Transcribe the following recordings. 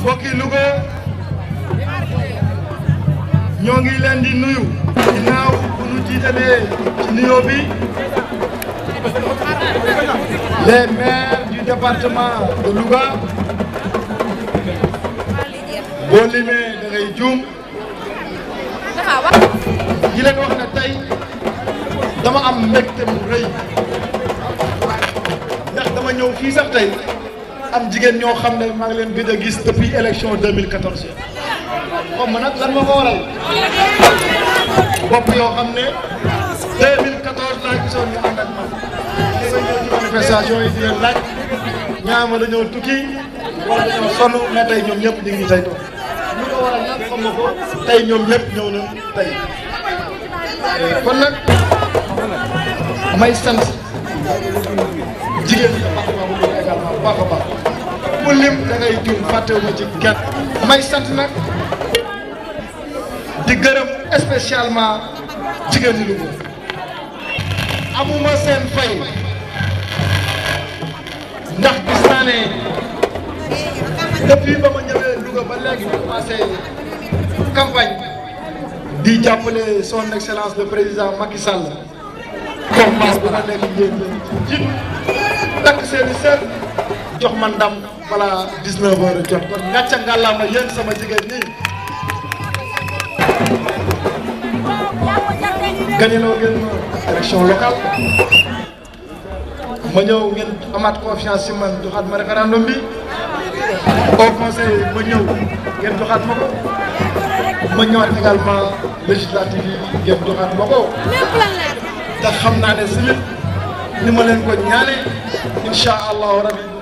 mbokki Louga ñoo ngi leen di nuyu ginnaaw bu ñu jiitalee ci nuyoo bi les maires du département de Louga boo limee da ngay juum leen wax ne tey dama am mbégte mu rëy ndax dama ñëw fii sax tey am jigéen ñoo xam ne maa ngi leen gëj a gis depuis élection 2014 xom ma nag lan ma ko waral bopp yoo xam ne 2014 laa gisoon ñu ànd ak man dañoo ñëw ci manifestation tey ñoom ñëpp ñu tey toog ñu ko waral nag xam nga tey ñoom ñëpp ñëw na tey eh, kon nag may sant jigéen ñi dafa am lu ku lim da ngay jum fàttewuma ci may sant nag di gërëm spécialement jigéen ñi Louga amuma seen fay ndax gis naa ne ba ma ñëwee Louga ba léegi ñu passé campagne di jàppale son excellence le président Macky Sall comme maa bu ma nekk yéen jiit takk seen i jox ma ndam balaa 19 heures jot kon ngàcca ngàllaama sama jigéen ñi gañeloo ngeen élection locale ma ñëw ngeen amaat confiance ci man joxaat ma référendum bi au conseil ma ñëw ngeen joxaat ma également législative yi ngeen joxaat ma ko te ni ma leen ko ñaane incha rabbi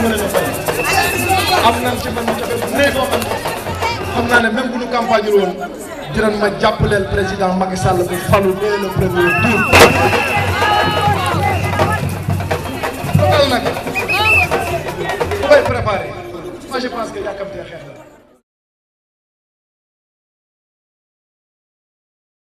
ñu mën a def am nañ ci man jafe bu nekkoo man xam naa ne même bu ñu campagne ñu woon dinañ ma jàppaleel président Macky falu dès le premier tour. loolu nag bu koy préparé moi je pense que yàkkamtee